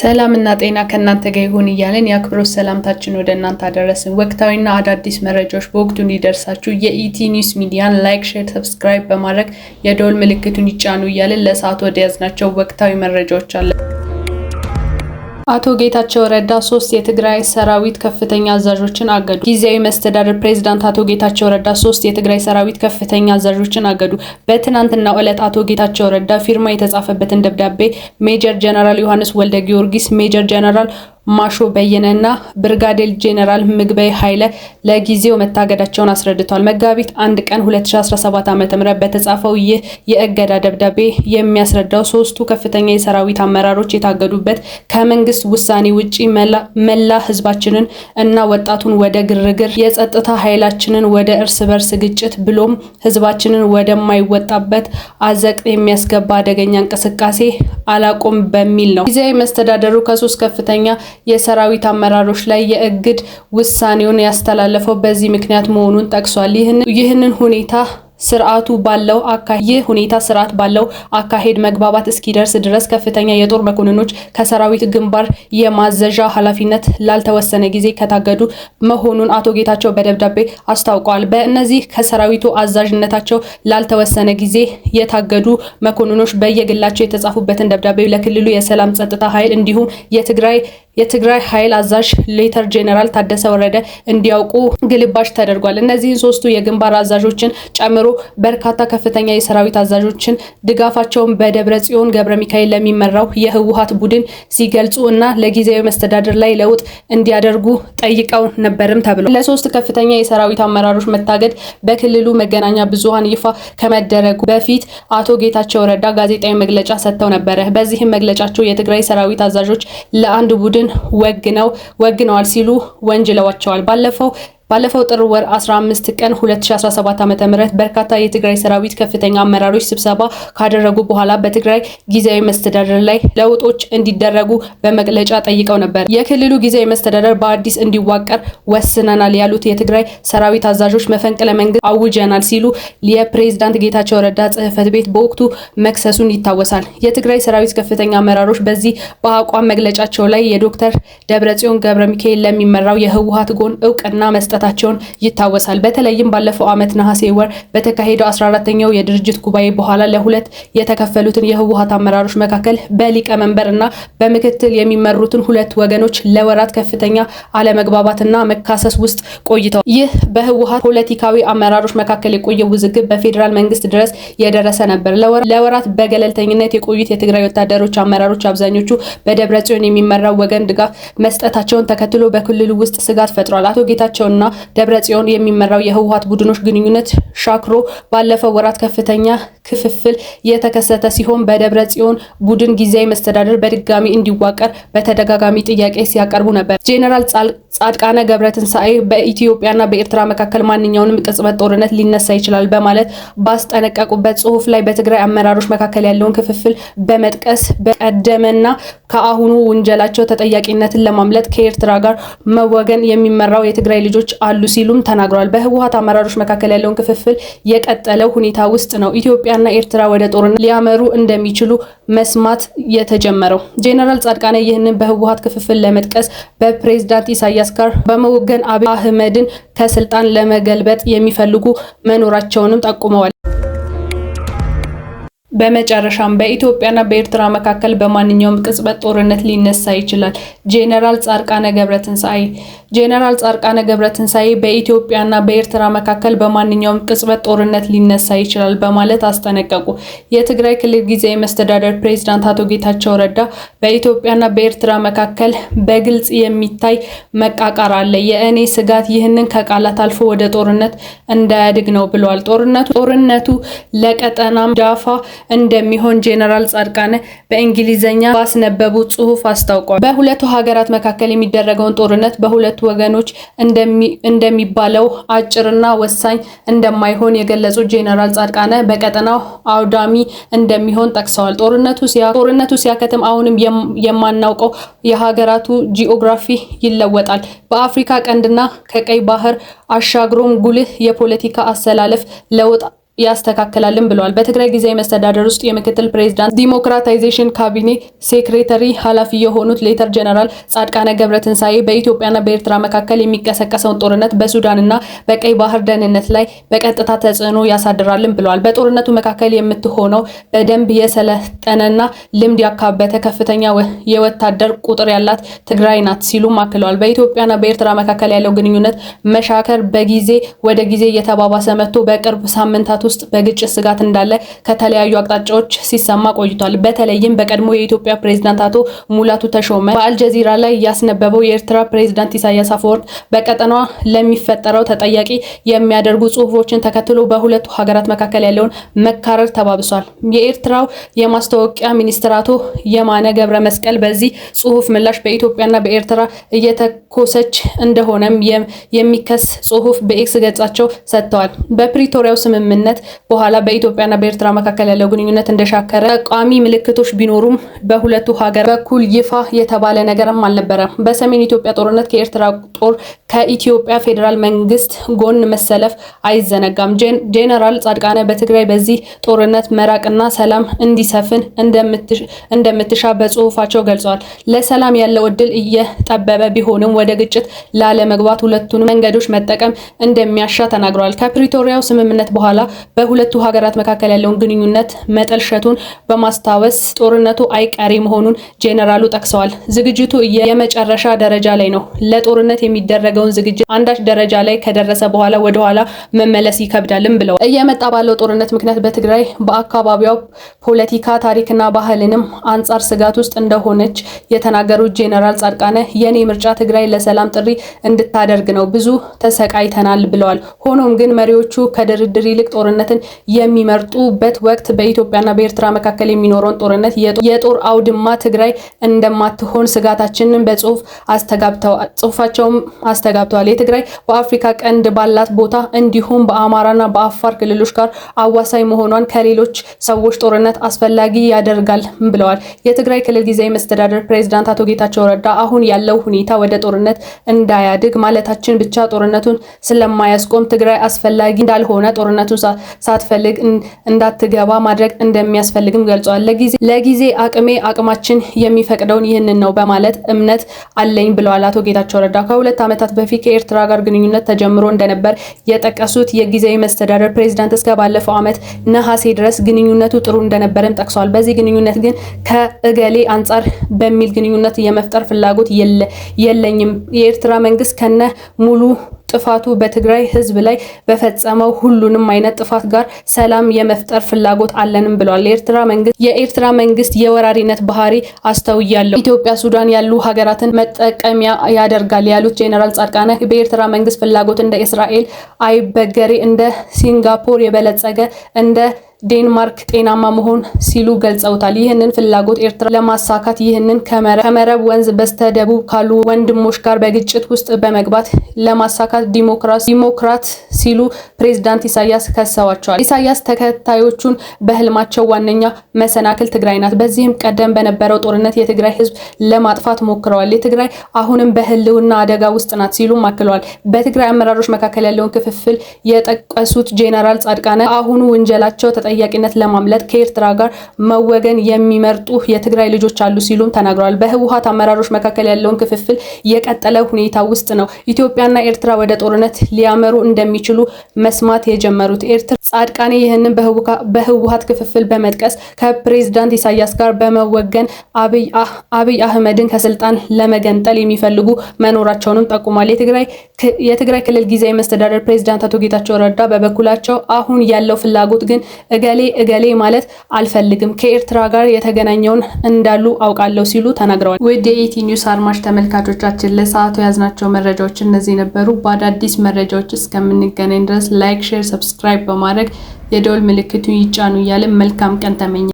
ሰላም እና ጤና ከእናንተ ጋር ይሁን እያለን የአክብሮት ሰላምታችን ወደ እናንተ አደረስን። ወቅታዊና አዳዲስ መረጃዎች በወቅቱ እንዲደርሳችሁ የኢቲ ኒውስ ሚዲያን ላይክ፣ ሼር፣ ሰብስክራይብ በማድረግ የደወል ምልክቱን ይጫኑ እያለን ለሰዓት ወደ ያዝናቸው ወቅታዊ መረጃዎች አለን። አቶ ጌታቸው ረዳ ሶስት የትግራይ ሰራዊት ከፍተኛ አዛዦችን አገዱ። ጊዜያዊ መስተዳደር ፕሬዚዳንት አቶ ጌታቸው ረዳ ሶስት የትግራይ ሰራዊት ከፍተኛ አዛዦችን አገዱ። በትናንትናው ዕለት አቶ ጌታቸው ረዳ ፊርማ የተጻፈበትን ደብዳቤ ሜጀር ጀነራል ዮሐንስ ወልደ ጊዮርጊስ፣ ሜጀር ጀነራል ማሾ በየነና ብርጋዴር ጄኔራል ምግበይ ኃይለ ለጊዜው መታገዳቸውን አስረድቷል። መጋቢት አንድ ቀን 2017 ዓ.ም በተጻፈው ይህ የእገዳ ደብዳቤ የሚያስረዳው ሶስቱ ከፍተኛ የሰራዊት አመራሮች የታገዱበት ከመንግስት ውሳኔ ውጪ መላ ህዝባችንን እና ወጣቱን ወደ ግርግር፣ የጸጥታ ኃይላችንን ወደ እርስ በርስ ግጭት ብሎም ህዝባችንን ወደማይወጣበት አዘቅ የሚያስገባ አደገኛ እንቅስቃሴ አላቆም በሚል ነው። ጊዜያዊ መስተዳደሩ ከሶስት ከፍተኛ የሰራዊት አመራሮች ላይ የእግድ ውሳኔውን ያስተላለፈው በዚህ ምክንያት መሆኑን ጠቅሷል። ይህንን ሁኔታ ስርዓቱ ባለው ይህ ሁኔታ ስርዓት ባለው አካሄድ መግባባት እስኪደርስ ድረስ ከፍተኛ የጦር መኮንኖች ከሰራዊት ግንባር የማዘዣ ኃላፊነት ላልተወሰነ ጊዜ ከታገዱ መሆኑን አቶ ጌታቸው በደብዳቤ አስታውቀዋል። በእነዚህ ከሰራዊቱ አዛዥነታቸው ላልተወሰነ ጊዜ የታገዱ መኮንኖች በየግላቸው የተጻፉበትን ደብዳቤ ለክልሉ የሰላም ጸጥታ ኃይል እንዲሁም የትግራይ የትግራይ ኃይል አዛዥ ሌተር ጄኔራል ታደሰ ወረደ እንዲያውቁ ግልባሽ ተደርጓል። እነዚህን ሶስቱ የግንባር አዛዦችን ጨምሮ በርካታ ከፍተኛ የሰራዊት አዛዦችን ድጋፋቸውን በደብረ ጽዮን ገብረ ሚካኤል ለሚመራው የህወሀት ቡድን ሲገልጹ እና ለጊዜያዊ መስተዳድር ላይ ለውጥ እንዲያደርጉ ጠይቀው ነበርም ተብሏል። ለሶስት ከፍተኛ የሰራዊት አመራሮች መታገድ በክልሉ መገናኛ ብዙሀን ይፋ ከመደረጉ በፊት አቶ ጌታቸው ረዳ ጋዜጣዊ መግለጫ ሰጥተው ነበረ። በዚህም መግለጫቸው የትግራይ ሰራዊት አዛዦች ለአንድ ቡድን ወግነው ወግነዋል ሲሉ ወንጅለዋቸዋል። ባለፈው ባለፈው ጥር ወር 15 ቀን 2017 ዓ.ም በርካታ የትግራይ ሰራዊት ከፍተኛ አመራሮች ስብሰባ ካደረጉ በኋላ በትግራይ ጊዜያዊ መስተዳደር ላይ ለውጦች እንዲደረጉ በመግለጫ ጠይቀው ነበር። የክልሉ ጊዜያዊ መስተዳደር በአዲስ እንዲዋቀር ወስነናል ያሉት የትግራይ ሰራዊት አዛዦች መፈንቅለ መንግስት አውጀናል ሲሉ የፕሬዝዳንት ጌታቸው ረዳ ጽህፈት ቤት በወቅቱ መክሰሱን ይታወሳል። የትግራይ ሰራዊት ከፍተኛ አመራሮች በዚህ በአቋም መግለጫቸው ላይ የዶክተር ደብረጽዮን ገብረ ሚካኤል ለሚመራው የህወሀት ጎን እውቅና መስጠት መመልከታቸውን ይታወሳል። በተለይም ባለፈው ዓመት ነሐሴ ወር በተካሄደው 14ተኛው የድርጅት ጉባኤ በኋላ ለሁለት የተከፈሉትን የህወሀት አመራሮች መካከል በሊቀመንበር እና በምክትል የሚመሩትን ሁለት ወገኖች ለወራት ከፍተኛ አለመግባባትና መካሰስ ውስጥ ቆይተው ይህ በህወሀት ፖለቲካዊ አመራሮች መካከል የቆየ ውዝግብ በፌዴራል መንግስት ድረስ የደረሰ ነበር። ለወራት በገለልተኝነት የቆዩት የትግራይ ወታደሮች አመራሮች አብዛኞቹ በደብረ ጽዮን የሚመራው ወገን ድጋፍ መስጠታቸውን ተከትሎ በክልሉ ውስጥ ስጋት ፈጥሯል። አቶ ጌታቸውና ደብረ ጽዮን የሚመራው የህወሀት ቡድኖች ግንኙነት ሻክሮ ባለፈው ወራት ከፍተኛ ክፍፍል የተከሰተ ሲሆን በደብረ ጽዮን ቡድን ጊዜያዊ መስተዳደር በድጋሚ እንዲዋቀር በተደጋጋሚ ጥያቄ ሲያቀርቡ ነበር። ጄኔራል ጻድቃነ ገብረትንሳኤ በኢትዮጵያና በኤርትራ መካከል ማንኛውንም ቅጽበት ጦርነት ሊነሳ ይችላል በማለት ባስጠነቀቁበት ጽሁፍ ላይ በትግራይ አመራሮች መካከል ያለውን ክፍፍል በመጥቀስ በቀደመና ከአሁኑ ውንጀላቸው ተጠያቂነትን ለማምለጥ ከኤርትራ ጋር መወገን የሚመራው የትግራይ ልጆች አሉ ሲሉም ተናግረዋል። በህወሀት አመራሮች መካከል ያለውን ክፍፍል የቀጠለው ሁኔታ ውስጥ ነው ኢትዮጵያና ኤርትራ ወደ ጦርነት ሊያመሩ እንደሚችሉ መስማት የተጀመረው። ጄኔራል ጻድቃኔ ይህንን በህወሀት ክፍፍል ለመጥቀስ በፕሬዝዳንት ኢሳያስ ጋር በመወገን አብይ አህመድን ከስልጣን ለመገልበጥ የሚፈልጉ መኖራቸውንም ጠቁመዋል። በመጨረሻም በኢትዮጵያና በኤርትራ መካከል በማንኛውም ቅጽበት ጦርነት ሊነሳ ይችላል። ጄኔራል ጻድቃነ ገብረትንሳኤ ጄኔራል ጻድቃነ ገብረትንሳኤ በኢትዮጵያና በኤርትራ መካከል በማንኛውም ቅጽበት ጦርነት ሊነሳ ይችላል በማለት አስጠነቀቁ። የትግራይ ክልል ጊዜያዊ መስተዳደር ፕሬዚዳንት አቶ ጌታቸው ረዳ በኢትዮጵያና በኤርትራ መካከል በግልጽ የሚታይ መቃቃር አለ። የእኔ ስጋት ይህንን ከቃላት አልፎ ወደ ጦርነት እንዳያድግ ነው ብለዋል። ጦርነቱ ጦርነቱ ለቀጠናም ዳፋ እንደሚሆን ጄኔራል ጻድቃን በእንግሊዝኛ ባስነበቡ ጽሁፍ አስታውቋል። በሁለቱ ሀገራት መካከል የሚደረገውን ጦርነት በሁለቱ ወገኖች እንደሚባለው አጭርና ወሳኝ እንደማይሆን የገለጹት ጄኔራል ጻድቃነ በቀጠናው አውዳሚ እንደሚሆን ጠቅሰዋል። ጦርነቱ ሲያከትም አሁንም የማናውቀው የሀገራቱ ጂኦግራፊ ይለወጣል። በአፍሪካ ቀንድና ከቀይ ባህር አሻግሮም ጉልህ የፖለቲካ አሰላለፍ ለውጥ ያስተካክላልን ብለዋል። በትግራይ ጊዜ መስተዳደር ውስጥ የምክትል ፕሬዚዳንት ዲሞክራታይዜሽን ካቢኔ ሴክሬተሪ ኃላፊ የሆኑት ሌተር ጀነራል ጻድቃነ ገብረትንሳኤ በኢትዮጵያና በኤርትራ መካከል የሚቀሰቀሰውን ጦርነት በሱዳንና በቀይ ባህር ደህንነት ላይ በቀጥታ ተጽዕኖ ያሳድራልን ብለዋል። በጦርነቱ መካከል የምትሆነው በደንብ የሰለጠነና ልምድ ያካበተ ከፍተኛ የወታደር ቁጥር ያላት ትግራይ ናት ሲሉም አክለዋል። በኢትዮጵያና በኤርትራ መካከል ያለው ግንኙነት መሻከር በጊዜ ወደ ጊዜ እየተባባሰ መጥቶ በቅርብ ሳምንታት ውስጥ በግጭት ስጋት እንዳለ ከተለያዩ አቅጣጫዎች ሲሰማ ቆይቷል። በተለይም በቀድሞ የኢትዮጵያ ፕሬዝዳንት አቶ ሙላቱ ተሾመ በአልጀዚራ ላይ ያስነበበው የኤርትራ ፕሬዝዳንት ኢሳያስ አፈወርቅ በቀጠናዋ ለሚፈጠረው ተጠያቂ የሚያደርጉ ጽሁፎችን ተከትሎ በሁለቱ ሀገራት መካከል ያለውን መካረር ተባብሷል። የኤርትራው የማስታወቂያ ሚኒስትር አቶ የማነ ገብረ መስቀል በዚህ ጽሁፍ ምላሽ በኢትዮጵያና በኤርትራ እየተኮሰች እንደሆነም የሚከስ ጽሁፍ በኤክስ ገጻቸው ሰጥተዋል። በፕሪቶሪያው ስምምነት በኋላ በኢትዮጵያና በኤርትራ መካከል ያለው ግንኙነት እንደሻከረ ቋሚ ምልክቶች ቢኖሩም በሁለቱ ሀገር በኩል ይፋ የተባለ ነገርም አልነበረም። በሰሜን ኢትዮጵያ ጦርነት ከኤርትራ ጦር ከኢትዮጵያ ፌዴራል መንግስት ጎን መሰለፍ አይዘነጋም። ጄኔራል ጻድቃነ በትግራይ በዚህ ጦርነት መራቅና ሰላም እንዲሰፍን እንደምትሻ በጽሁፋቸው ገልጸዋል። ለሰላም ያለው እድል እየጠበበ ቢሆንም ወደ ግጭት ላለመግባት ሁለቱን መንገዶች መጠቀም እንደሚያሻ ተናግረዋል። ከፕሪቶሪያው ስምምነት በኋላ በሁለቱ ሀገራት መካከል ያለውን ግንኙነት መጠልሸቱን በማስታወስ ጦርነቱ አይቀሬ መሆኑን ጄኔራሉ ጠቅሰዋል። ዝግጅቱ የመጨረሻ ደረጃ ላይ ነው። ለጦርነት የሚደረገውን ዝግጅት አንዳች ደረጃ ላይ ከደረሰ በኋላ ወደኋላ መመለስ ይከብዳልም ብለዋል። እየመጣ ባለው ጦርነት ምክንያት በትግራይ በአካባቢዋ ፖለቲካ ታሪክና ባህልንም አንጻር ስጋት ውስጥ እንደሆነች የተናገሩት ጄኔራል ጻድቃነ የኔ ምርጫ ትግራይ ለሰላም ጥሪ እንድታደርግ ነው። ብዙ ተሰቃይተናል ብለዋል። ሆኖም ግን መሪዎቹ ከድርድር ይልቅ ጦርነት ጦርነትን የሚመርጡበት ወቅት በኢትዮጵያና በኤርትራ መካከል የሚኖረውን ጦርነት የጦር አውድማ ትግራይ እንደማትሆን ስጋታችንን በጽሁፍ አስተጋብተዋል ጽሁፋቸውም አስተጋብተዋል። የትግራይ በአፍሪካ ቀንድ ባላት ቦታ እንዲሁም በአማራና በአፋር ክልሎች ጋር አዋሳኝ መሆኗን ከሌሎች ሰዎች ጦርነት አስፈላጊ ያደርጋል ብለዋል። የትግራይ ክልል ጊዜያዊ መስተዳደር ፕሬዚዳንት አቶ ጌታቸው ረዳ አሁን ያለው ሁኔታ ወደ ጦርነት እንዳያድግ ማለታችን ብቻ ጦርነቱን ስለማያስቆም ትግራይ አስፈላጊ እንዳልሆነ ጦርነቱን ሳትፈልግ እንዳትገባ ማድረግ እንደሚያስፈልግም ገልጿል። ለጊዜ አቅሜ አቅማችን የሚፈቅደውን ይህንን ነው በማለት እምነት አለኝ ብለዋል አቶ ጌታቸው ረዳ። ከሁለት ዓመታት በፊት ከኤርትራ ጋር ግንኙነት ተጀምሮ እንደነበር የጠቀሱት የጊዜያዊ መስተዳደር ፕሬዚዳንት እስከ ባለፈው ዓመት ነሐሴ ድረስ ግንኙነቱ ጥሩ እንደነበረም ጠቅሷል። በዚህ ግንኙነት ግን ከእገሌ አንጻር በሚል ግንኙነት የመፍጠር ፍላጎት የለኝም። የኤርትራ መንግስት ከነ ሙሉ ጥፋቱ በትግራይ ህዝብ ላይ በፈጸመው ሁሉንም አይነት ጥፋት ጋር ሰላም የመፍጠር ፍላጎት አለንም ብለዋል። የኤርትራ መንግስት የኤርትራ መንግስት የወራሪነት ባህሪ አስተውያለሁ፣ ኢትዮጵያ፣ ሱዳን ያሉ ሀገራትን መጠቀሚያ ያደርጋል ያሉት ጄኔራል ጻድቃነ በኤርትራ መንግስት ፍላጎት እንደ እስራኤል አይበገሬ እንደ ሲንጋፖር የበለጸገ እንደ ዴንማርክ ጤናማ መሆን ሲሉ ገልጸውታል። ይህንን ፍላጎት ኤርትራ ለማሳካት ይህንን ከመረብ ወንዝ በስተደቡብ ካሉ ወንድሞች ጋር በግጭት ውስጥ በመግባት ለማሳካት ዲሞክራት ሲሉ ፕሬዝዳንት ኢሳያስ ከሰዋቸዋል። ኢሳያስ ተከታዮቹን በህልማቸው ዋነኛ መሰናክል ትግራይ ናት፣ በዚህም ቀደም በነበረው ጦርነት የትግራይ ህዝብ ለማጥፋት ሞክረዋል፣ የትግራይ አሁንም በህልውና አደጋ ውስጥ ናት ሲሉም አክለዋል። በትግራይ አመራሮች መካከል ያለውን ክፍፍል የጠቀሱት ጄኔራል ጻድቃነ አሁኑ ውንጀላቸው ከተጠያቂነት ለማምለጥ ከኤርትራ ጋር መወገን የሚመርጡ የትግራይ ልጆች አሉ ሲሉም ተናግረዋል። በህወሀት አመራሮች መካከል ያለውን ክፍፍል የቀጠለ ሁኔታ ውስጥ ነው ኢትዮጵያና ኤርትራ ወደ ጦርነት ሊያመሩ እንደሚችሉ መስማት የጀመሩት። ኤርትራ ጻድቃኔ ይህንን በህወሀት ክፍፍል በመጥቀስ ከፕሬዝዳንት ኢሳያስ ጋር በመወገን አብይ አህመድን ከስልጣን ለመገንጠል የሚፈልጉ መኖራቸውንም ጠቁሟል። የትግራይ ክልል ጊዜያዊ መስተዳደር ፕሬዝዳንት አቶ ጌታቸው ረዳ በበኩላቸው አሁን ያለው ፍላጎት ግን እገሌ እገሌ ማለት አልፈልግም ከኤርትራ ጋር የተገናኘውን እንዳሉ አውቃለሁ ሲሉ ተናግረዋል። ውድ የኢቲ ኒውስ አድማጭ ተመልካቾቻችን ለሰዓቱ የያዝናቸው መረጃዎች እነዚህ ነበሩ። በአዳዲስ መረጃዎች እስከምንገናኝ ድረስ ላይክ፣ ሼር፣ ሰብስክራይብ በማድረግ የደወል ምልክቱ ይጫኑ እያለን መልካም ቀን ተመኘ